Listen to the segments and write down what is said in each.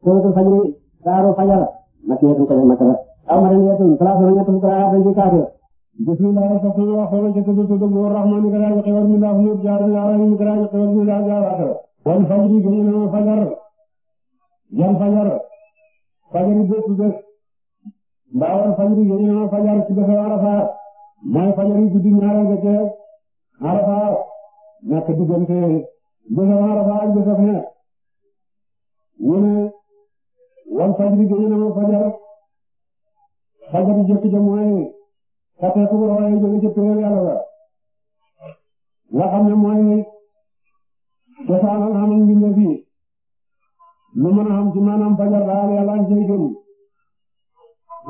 salatul fajri daaru fajara makiyyatun kalal makara aw madaniyatun salasun ñett fukk ayaatan ci kaafir bismillahi safi wa xawla ci tuddu tuddu bu rahmani ka laa yuqi war min lahu yub jaar la wa min kala yuqi war min lahu jaar akara wal fajri gëna fajar jam fajar fajri bu tuddu ndaawal fajri gëna fajar ci bëfa arafa mooy fajri guddi ñaareel ga ca arafa nekk diggante bëfa arafa ak bëfa ñu ne wal fajri génne na ma fajar fajar jëkk ja mooy xateeku ba waaye jóge ca péréb yàlla ba nga xam ne mooy cosaanal xam ak mbindeef yi lu mën a xam ci maanaam fajar daal yàlla añ cay gën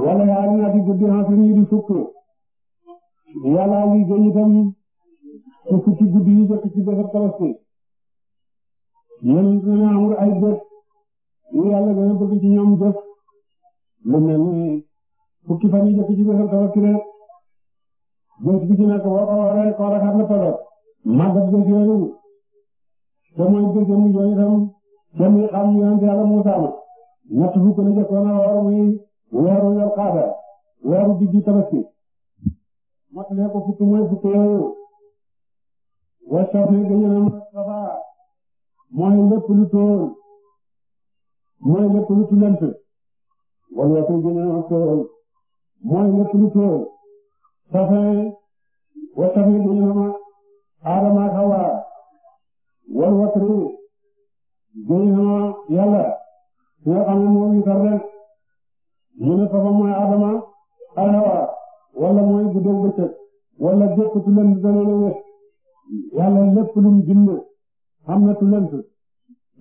wala yaa dina di guddi xam fi nii di fukk yàlla ngi gën itam ci fukki guddi yi jëkk ci bésab tabaski yéen ñu amul ay bët li yàlla gën a bëgg ci ñoom def lu mel ni fukki fan yi jëkk ci bésal tabaski rek bés bi ci nekk na période màggat bés yooyu te mooy bés yi mu yooyu itam te muy xam yonent yàlla Muusaa ma ñett fukk la jëkkoon a war muy weeru yor mat ne ko fukk mooy fukk wa soxna gañu na ma safaa mooy lépp lu tóor mooy lépp lu tullante wala te gënaa ak teewal mooy lépp lu teew safin wa safi baynahuma Adama ak Hawa wal watri baynahuma yàlla ki nga xam ne moo witar ren ñu ne safa mooy Adama ak Hawa wala mooy guddeeg bëccëg wala jëpp tullante dana la wér yàlla lépp lu mu bind xam na tullante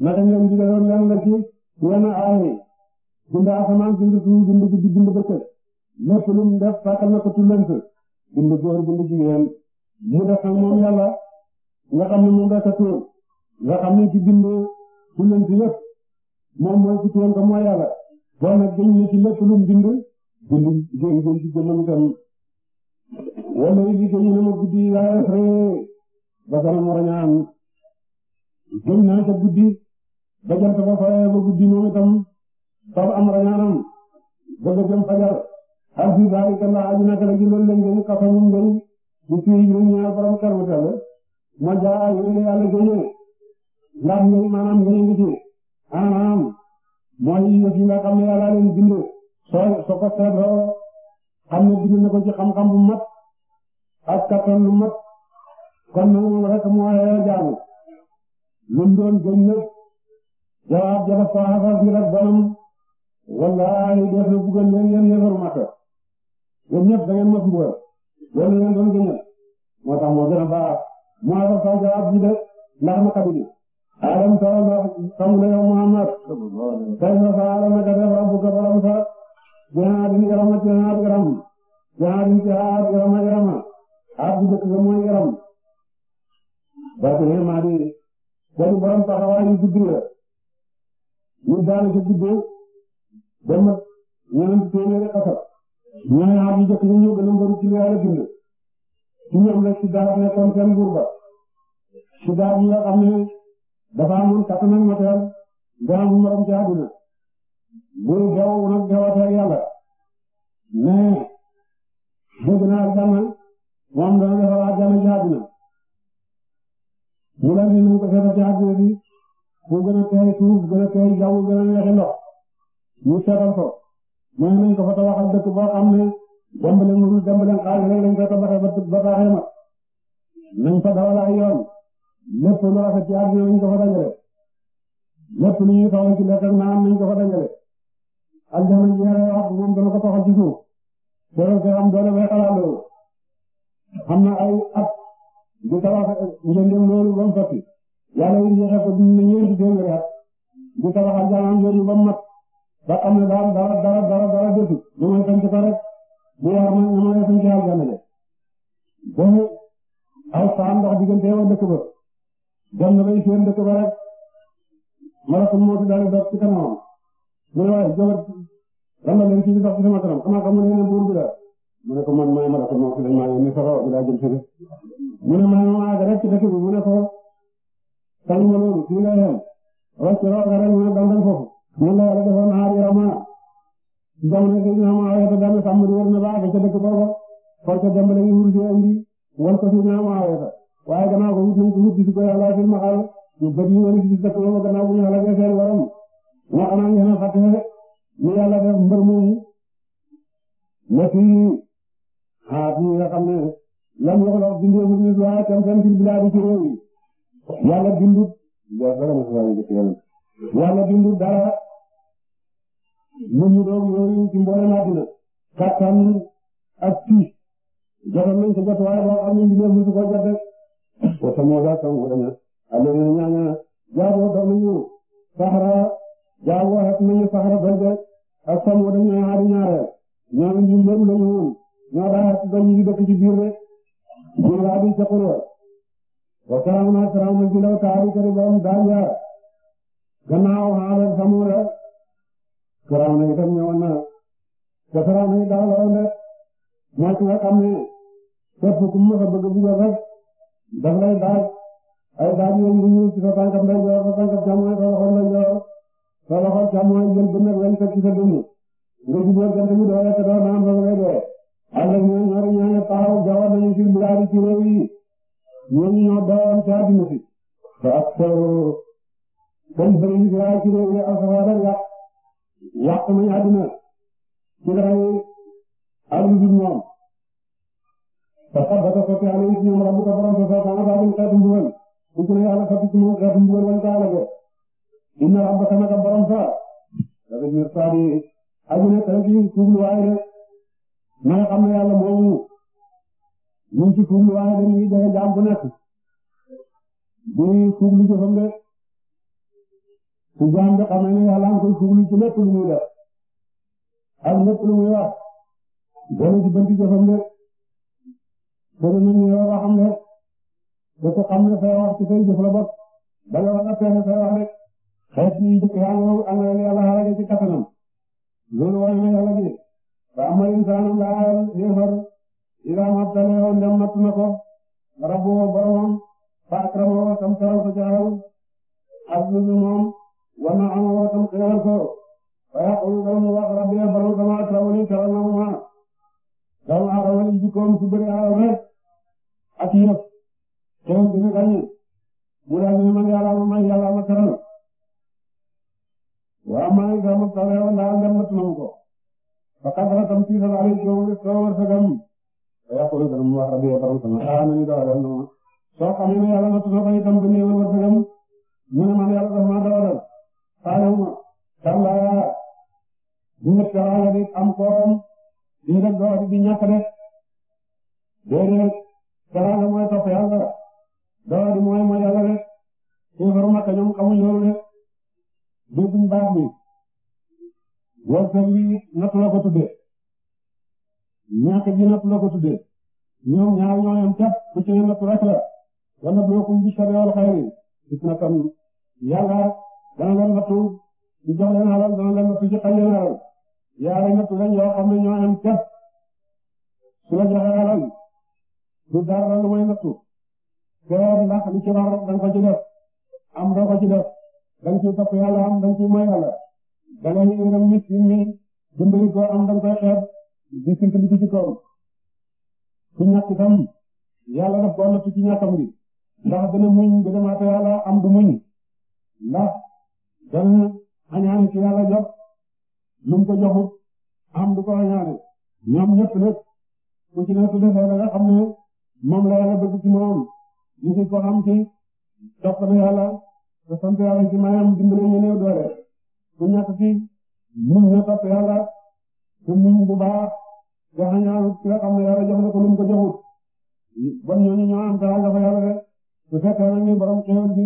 naka ngeen digaloon lan la ci ñeena ay bind asamaan bind suuf bind guddi bind bëccëg lépp lu mu def fàttal na ko ci lënt bind góor bind jigéen mu def ak moom yàlla nga xam ne moom rek a tuur nga xam ne ci bind ci lënt yëpp moom mooy ci tuur ko mooy yàlla bon nag dañ ne ci lépp lu mu bind bind jigéen góor ci jëmmam itam wala yi liggéey ñu ne ma guddi laa yëf rek ba sama moroñaan gën naa ca guddi ba jant ba fayee ba guddi moom itam fab am rañaanam bëgg a jëm fajar hal fi zaalika laa aju naka la ci loolu lañ gën qasamun ngay ñu fii ñu ñaar ma jaa yooyu la yàlla génnee ndax ngay maanaam ngay ngi ci maanaam yi nga xam ne xam xam-xam bu mat ak kattan lu mat kon nag rek moo yee jaamu lu mu doon jawaab jaba saxaafal gi nag bonam wallaahi def na buggal leen yéen yéefaru Makka yéen ñëpp da ngeen mos mbugal loolu ngeen doon gëñal moo tax moo gën a baax mu afa sa jawaab ji de ndax ma kadu gi alam tara ndax xam ne yow Muhammad kay fa fa'ala naka def rabbuka borom sa bihaadin irama ci haad iram bihaadin ci haad irama irama haad bu jëkk ga mooy iram ba te maa di borom taxawaay yu gudd la ñu daanaka juddoo ba mat ñeneen téeméeri xasal ñeneen at yu jot ñu ñëw gën a mbëru ci li yàlla bind ci ñoom la Sidaar nekkoon seen buur ba Sidaar yi nga xam ne dafa amoon kattan ak matériel garabu morom ci àdduna buy daw nag dawaatee ak yàlla mais dégg naa ak jàmm moom dana defar ak jàmm ci àdduna mu daal di nuyu ko fexe ci àdduna bi. moo gën a teey suuf gën a teey jaww gën a neexe ndox ñu ko fa tabaxal dëkk boo xam ne dembale murul dembale xaalis rek lañ koy tabaxee ba ba baaxee fa dawal ay yoon lépp ko fa dajale lépp lu ñuy soxla ci lekk ak naan ko fa dajale aljana ji yore wax moom dana ko toxal ci suuf loolu koy am doole bay xalaat loolu xam na ay at du tabax njëndem loolu ba mu yàlla yéexe ko dund ñeenti téeméeri at di tabaxal jaamam jooju ba mat ba xam ne daal dara dara dara dara desul ñu may sant ko rek mu war ma ñu may sant aljana de boobu aw saam ndax diggante yow dëkk ba dem na bay seen dëkk ba rek malakul mawti daal di def ci kanamam mu ne waaye jógal randal leen ci di dox ci sama kanam xanaa ko mu ne ne buur bi la mu ne ko man maay malakul mawti dañ maa yónni sa raw bi daa jël sa mu ne maay ma àgg rek ci dëkk bi mu ne ko kañ nga noonu fii lay xel waaye si loolu dara dandal foofu ñun la yàlla defoon aar yorama jamono bi ñu xam aw yata daan sàmm di wër na baax ba ca dëkk boobu parce que dem la ñuy wut di indi wal ko fi ñu xam aw yata waaye gannaaw ko wut nañ ko wut di si ko yàlla fi ma xaal ñu bët ñu wëri si na fi xaat ñi nga xam ne la ko doon bindee bu ñu waaye ci réew yàlla bindut yàlla bindut dara lu ñu doog yooyu ci mboolem àddina kattan ak tiis jotoon nañ ko jot waaye boo xam ne mbindeef musu ko jot rek wa samuuda sanguurana alladina ñaana jaaboo dox nañu saxara jaaboo xet nañu saxara balde ak samuuda ñooy aadi ñaareel ñooñu ñu mbëru lañu woon ñoo daa xet ba ñu dëkk biir rek ñu laa di jëkkuloo wa karamna Firawna jilaw taari kari boom daaya gannaaw xaalal Samuud Firawna itam ñëwoon na te Firawna yi daaloon de mooy ki nga xam ne képp ku mu bëgg bëgg rek daf lay daaj ay daaj yu ñu ci sa tànk ndeyjoor sa tànk càmmooñ sa loxo ndeyjoor sa loxo càmmooñ jël bu nekk lañ teg ci sa dund nga jubóo jant bi doole te doo naan ba ngay dee. àll bi ñoom ñaari ñaari taxaw jaww nañu ci bilaari ci réew ñooñu ñoo bàyyiwoon ci àdduna si te ak comme sëriñ bi waaye ci réew yi alxames rek yàq yàq nañu àdduna ci lay àdduna bi ñoom te sax ba ko fexe amee ci ñoom rabu ko borom sa soxna ba duñ xeetu mbugal bu ko yàlla fàttali ci moom xeetu mbugal lañ ko àllage inna rabbaka naka borom sa dafa ñu saa di aju ne tey ci suuf lu waaye rek na nga xam ne yàlla moomu ñun ci fuub lu waaye dañuy joxe jaam bu nekk di fuub lu jëfam de su jaam bi xamee ne yàlla nga koy fuub lu ci lépp lu muy def ak lépp lu muy wax boole ci bënti jëfam de te dañu ñu yow xam ne da ko xam ne fay wax ci fay jëf la bokk da nga war a fexe fay wax rek xeet yi jëkk yaa ngi am na yàlla xarale ci kattanam loolu wane na yàlla gi ba amal insaanam laa yéefar ilaa mabtaleehu ndem matt na ko rabbuhu boromam fa akramahu tam teral ko jaral azlu bi moom wa na'amahu tam xéewal ko fa yaqulu dana mu wax rabbi borom sama akramani teral na mu ma doomu aadama li jikkoom su bëri alal rek ak yëf teew bi fi gañe mu daal ne man yàlla ma may yàlla ma teral waa maa ngi gërëm ak sa réew ndax ndem matt na mu ko fa kasara tam tiital alaykum ko wërsëgam yaqulu dana mu wax rabbi borom sama ah nañu daaw dal na ma soo xamee ne yàlla na tudd ko itam ba néewal wërsëgam mu ne man yàlla dafa maa daaw dal xaaral ma kàllaa bu nga teraanga di am koom di dem doo di ñàkk def déedéet teraanga mooy topp yàlla doo di mooy mooy yàlla rek suñu faru makka ñoom xamuñ loolu rek dégguñ baax bi wërsëg wi natt la ko tuddee ñàkk gi napp la ko tuddee ñoom ñaar ñoo yem képp ku ci ne napp la wa nabluukum bis-sharri wal xayri fitnatan ci jox leen alal dana leen nattu ci xañ leen alal yaari nattu lañ yoo xam ne su la joxe alal du dara lu may nattu keroog ndax li ci war danga ko ci def am doo ko ci def danga ciy topp yàlla am danga ciy moy yàlla dana yërëm nit ñi dimbali ko di simplifié ci kawam ku ñàkk itam yàlla daf ko natt ci ñàkkam gi ndax dana muñ dana maata yàlla am du muñ ndax dana añaane ci yàlla jot lu mu ko joxut am du ko añaane ñoom ñëpp nag ku ci nekk defee la xam ne moom la yàlla bëgg ci moom ñu ngi ko am ci topp na yàlla te sant yàlla ci mayam dimbale ñu néew doole ku ñàkk ci muñ na topp yàlla su mu bu baax jox na ñaar ki nga xam ne yàlla jox na ko lu mu ko joxut bon ñooñu ñoo am dara nga fa yàlla rek su fekkee nag ni borom xéwal bi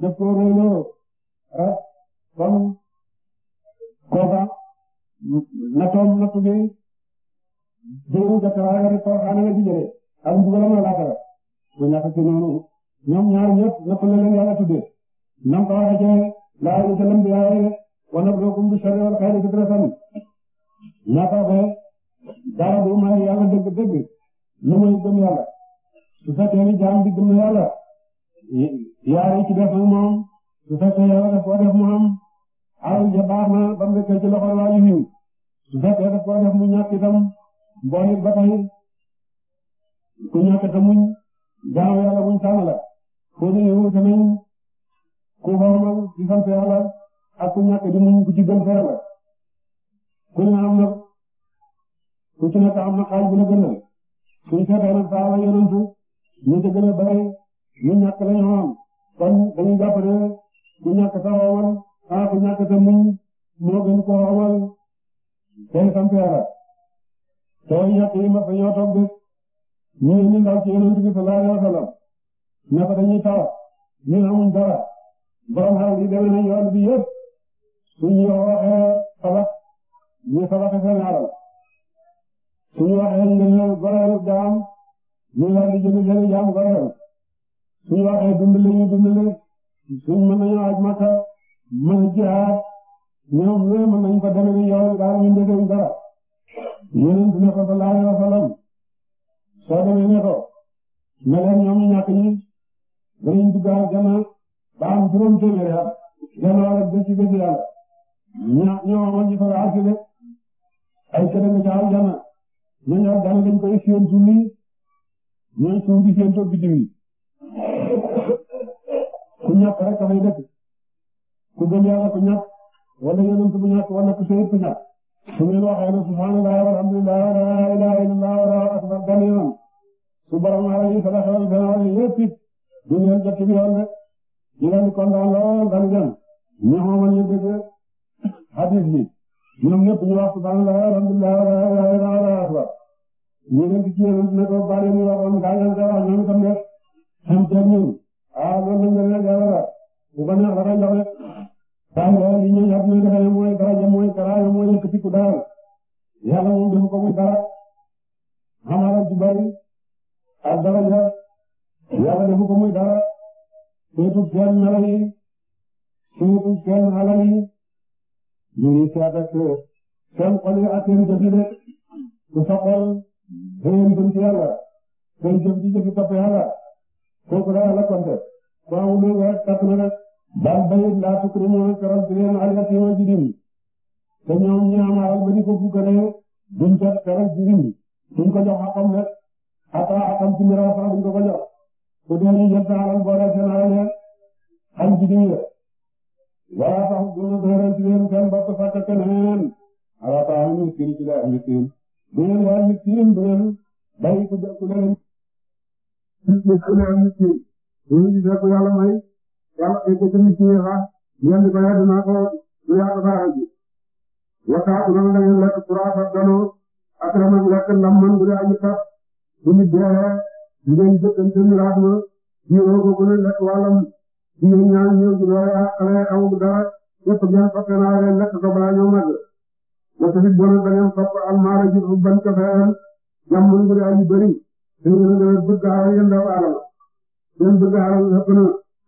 def ko rëy lool ah kon kooka nattoom natt bi jiwu gerte waaye nga def ko xanaa nga ci jëlee ak dugalam la laata su ñàkk ci noonu ñoom ñaar ñëpp natt la leen yàlla tuddee nam ko waxee ci laa ilaha illa bi yaaye wa nabluukum bi sharri wal xayri fitnatan naka ba dara du may yàlla dëgg dëgg lu muy gëm yàlla su fekkee ni jaam bi gëm yàlla yaari ci def ak moom su fekkee yàlla daf koo def mu am alal ja baax na ba mu nekkee ci loxol waa ba tey ku ñàkk te muñ jaam yàlla la foo ñu ku xormal ci sant ku ne xam nga ku ci nekk am na xaal bu la gënal suñu seetee nag saaba yonentu ñu ci gën a bari ñu ñàkk lañ xam kon dañuy jàpp ne ku ñàkk sa xoomal ah ku ñàkk sa muñ moo gën ko xoomal tey sant yàlla te ñàkk yi mas ñoo toog bés ñu yónni ndaw ci yonent bi sallallahu alayhi wasallam na ko dañuy taw ñun amuñ dara borom xaal yi demee nañ yoon bi yëpp suñu waxee xalaat ñu sabaxe seen alal suñu waxee ngeen goreelu jaam ñu daal di jënd seen jaam goreelu suñu waxee dimbali ñu dimbali suñu mën nañu aj Makka mën a jihaad ñoom loolu mën nañu ko demee ni yow daal ñu ndekkee dara yonent ne ko sallallahu alayhi wa sallam soo demee ne ko ne leen ñoom ñu ñàkk ñi danañ dugg aljanna ba am juróom téeméeri at gannaaw rek ba ci bés yàlla ña ñoo amoon ñu fa la ay kër nga ca aljana ñooñu aljana dañ koy séentu nii ñooy suuf di séentoo biddiw yi ku ñàkk rek dafay dëkk ku gëm yàlla ku ñàkk wala yonent bu ñàkk wala ku sëyit ku ñàkk su ngeen waxee ne subhanallah walhamdulillah wala ilaha illallah wala akbar benn yoon su borom aar yi sala xewal benn wala yëpp it du ngeen jot ci yoon rek ñu leen di kontaan lool dañu dem ñoo xamal ñu dëgg hadis yi ñoom ñëpp ñu wax subhanallah alhamdulillah la ilaha illa allah akbar ñu leen di ci yéen ne ko bari ñu waxoon daa leen ko wax ñoom itam ne xam te ñun ah loolu lañ leen yàlla la bu ko neex la koy joxe daal li ñuy yàgg ñu defee mooy daraja mooy karaama mooy yëkkatiku daal yàlla moom defu ko muy dara xamal ju bari ak daraja yàlla defu ko muy dara surtout seen melo yi surtout seen alal yi ñooñu caada seen xol seen jëf yi de ku sa xol xëyoon jëm ci yàlla seen jëf ci jëfi topp yàlla la konte ko amul weer kàttanu rek baal bayit laa tukrimu karam bi leen al yatima jirim te ñoom ñi am alal ba di ko fukkalee duñ jot karam jirim duñ ko jox xaqam rek ata xaqam ci miraas duñ ko ko jox ku dee ñu jël sa alal boole seen alal ya wala tax duna dooral ci leen seen bopp fàkk keneen ala tax miskin ci la miskin du ngeen war miskin du ngeen bàyyi ku jàpp leen ci la miskin du ngeen gisee ko yàlla may yàlla ay ko ci miskin yi xaar ngeen di ko yàgg naa ko du yàgg baaxal ji waxaat loolu da ngeen lekk kuraas ak danoo ak ramag lekk ndam man bu dee aji kat bu nit deewee ngeen jëkkante miraas ma jiwoo ko ku ne lekk wàllam ñoom ñaar ñëw ci loolu xale amul dara képp ngeen fàtte naa leen lekk ko balaa ñoo màgg wata fi bon da ngeen topp almaara ji fu ban cofeel jàmm bu daal yu bëri seen gën a demee bëgg alal yéen daw alal seen bëgg alal ëpp na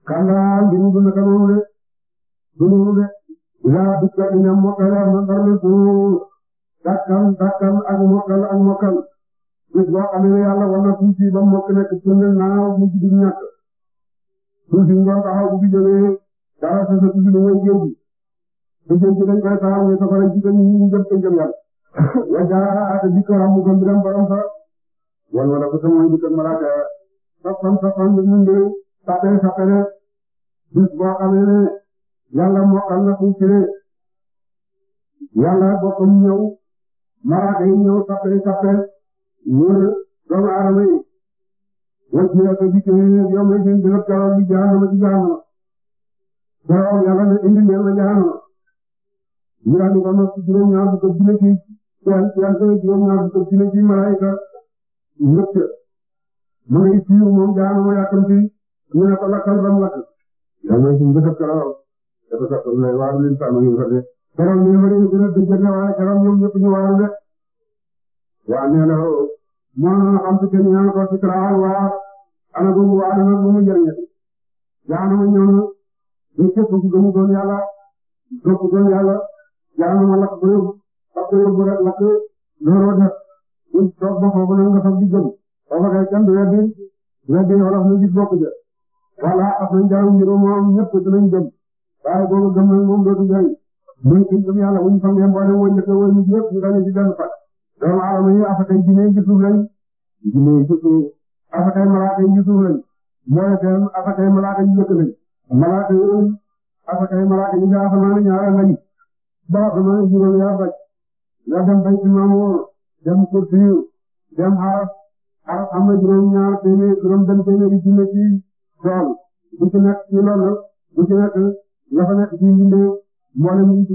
kàllaa mbiru du naka noonu de du noonu de laa dikka dina mokkal na darle ku dakkan dakkan ak mokkal ak mokkal bis boo xamee ne yàlla war na tuuti ba mokk nekk sunne naaw mu jigéen ñàkk suuf si nga taxaw bu fi jógee dara sa sa tuuti dañoo géej gi te géej gi dañ koy taxaw nga soxla ci tamit ñu jëm ca jëm yàlla. waaye daal te dikk ràmm ko mbiram borom sa wala wala parce que mooy dikk malaaka safan safan bi ñu ngi sapee sapee bis boo xamee ne yàlla mokkal na suuf si ne yàlla bokkam ñëw malaaka yi ñëw sapee sapee wër doomu aadama yi. wal ci yàlla bi ci ñoom lañ seen jëlëb karoon bi jaanama ci jaanama karoon yàlla na indi mel na jaanama ñu daal di ko mos juróom ñaar bu ko jëlee ci wàllu ci yàlla juróom ñaar bu ko jëlee ci malaayika ñëpp mu ngi fiu moom jaanama yàkkam ci ñu ne ko lakkal ba mu lakk yàlla na seen jëlëb karoon dafa sax lay waaru leen sàmm yu fa de karoon ñu bari ñu gën a dëgg na waaye karoon ñoom ñëpp ñu waaru de waa nee na mënoon na xam si kenn ñëw ko si Kalaal waa ana góob waa ana góob mu jëriñati jaanama ñëw na ba képp ku gëm doon yàlla képp doon yàlla jaanama lakk ba yóbbu lakk yóbbu rek lakk looloo def ñu toog ba foofu nag nga fag di jëm foofa kay kenn du weddi weddi wala ñu gis bokk ja wala ak nañ jaram ngir moom ñëpp dinañ jëm waaye boobu gëm nañ moom dootu jëriñ muy gëm yàlla wuñ fa ngeen boole woon njëkk woon ñu yëpp ñu dañu ci benn fàq doomu aadama yi afakay jinne yi ci suuf lañ jinne yi ci suuf afakay malaaka yi ci suuf lañ mboolem afakay malaaka yi njëkk lañ malaaka yi afakay yi nga asamaan ñaareel lañ ba asamaan juróom yaa faj nga dem bay imaam wóor dem kursiyu dem xaraf xaraf am ñaar téeméer juróom benn téeméeri jinne ci tool bu ci nekk ci loolu bu ci nekk la fa nekk ci mbindeef mboolem yi ci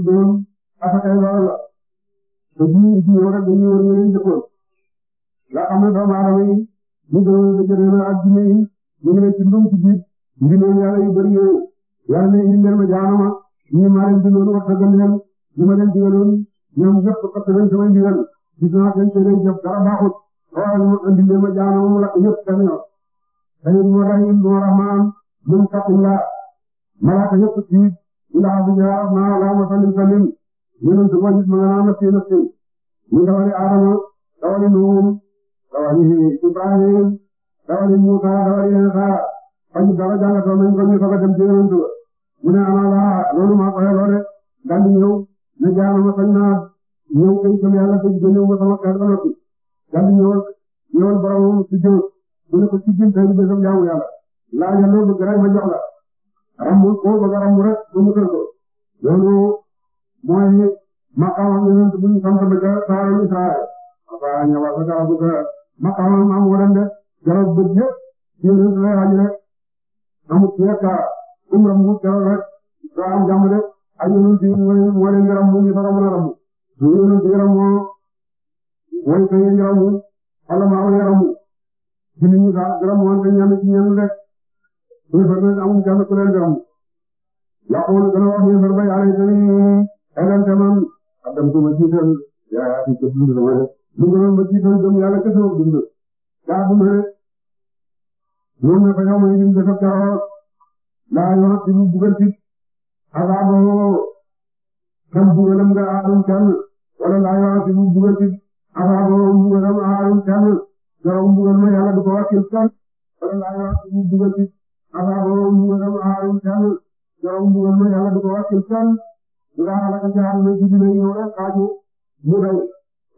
te jiw jiw war a dañuy war a yëngu la xam ne doomu aadama yi ñu doon dëgg ak jinne yi ñu ngi leen ci ndum ci biir ndimbalu yàlla yu bëri yooyu yàlla ne indi leen ma jaanama ñu ma leen digaloon waxtagal leen ñu ma leen digaloon ñoom ñëpp parce que leen sama ndigal gis naa seen seen jëf dara baaxut waaye ñu indi leen ma jaanama mu lakk ñëpp tamit ñor tamit mu rahim mu rahmaan mun taqullah malaaka ñëpp ci ilaa bu jaarab naa laa ma salim salim yéen su ma gis ma nga naan ñu dawali Adama dawali Nuur dawali Ibrahim dawali Musa dawali Isa fañ dara ñu soog dem ci yéen ba mu ne ana ah, loolu maa ko xeloo de di ñëw ne jaanu ma sañ naa ñëw kay sama yàlla te génne ma sama di ñëw ñëwal boromam si jëm mu ne ko si jëm tey bi sam jaamu yàlla loolu bëgg rek ma jox la rambu ko bëgg a rambu rek ba mooy maqaamam yonent bu ñu sant ba ca saara yi saare waaye ñu wax dëgg bu ko maqaamam am waram de jarab bët yëpp ci yonent lay xaj rek amul ci yàkkaara umra mu jarab rek doo am jàmm de ay yonent yi moo leen yaram mu ñu faram na ramu su yonent yaram moo way ko yéen yaramu wala maa way yaramu ci nit ñi sax yaram moo te ñenn ci ñenn rek suy fa amul jàmm ku leen yaramu yàqu woon gën a wax yéen ba yàlla elal tamam xaddam ko ma jiital yaa fi ko dund sama def lu gënoon ma jiital gëm yàlla kese ma dund daa bu ma noonu la fa yow ma itim dafa karo laa yoon ci mu bugal ci asaaboo kam bugalam nga aarum kenn wala laa yoon ci mu bugal ci asaaboo bugalam aarum kenn yow bugal ma yàlla du ko wakkil kenn wala laa yoon ci mu bugal ci asaaboo bugalam aarum kenn yow bugal ma yàlla du ko wakkil kenn nga xamante ne am na jiw lay ñëw rek xaaju mu doy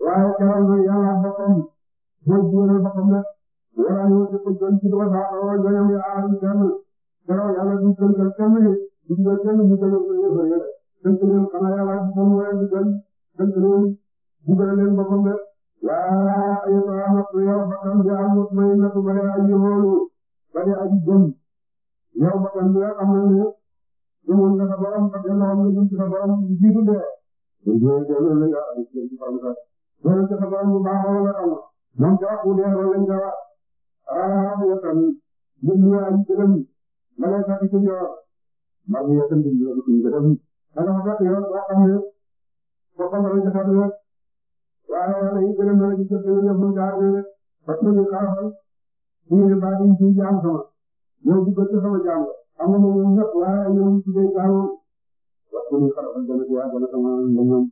waaye keroog nag yàlla boppam mooy jiwale boppam nag wala ñëw ci ko jëm ci dugub sax wala ñoom ñu aar ñu kenn keroog yàlla du jëm kenn kenn du jëm kenn du jëm kenn du jëm kenn xanaa yàlla boppam mooy du jëm kenn du jëm leen boppam nag waaye ay xanaa nag yow bakkan bi am may nekk ba ay xoolu ba di aji jëm yow bakkan bi nga xam ne na borom na gën a am lu na borom jiitu dee. loolu loolu la nga am ci ci xam sax. loolu ci sa borom bu baax wala am moom ca ku dee loolu lañ ko wax. ah yow tamit lu mu ay gërëm ma lay fàttali ci ñor. maa ngi yow tamit ñu ngi ko gërëm. dana ko fàttali yow boo xam ne boppam la ñu fàttali rek. waaye wala yi gërëm na la ci jot a yëngu mu jaar rek. parce que ñu xaaral ñu ngi baal ñu ci jaam sama. yow bu bëgg sama jaam la. amuñu ñëpp waaye ñoom su dee gaaw waxtu bi xarala jënd si waaye dana ko mën a ñoom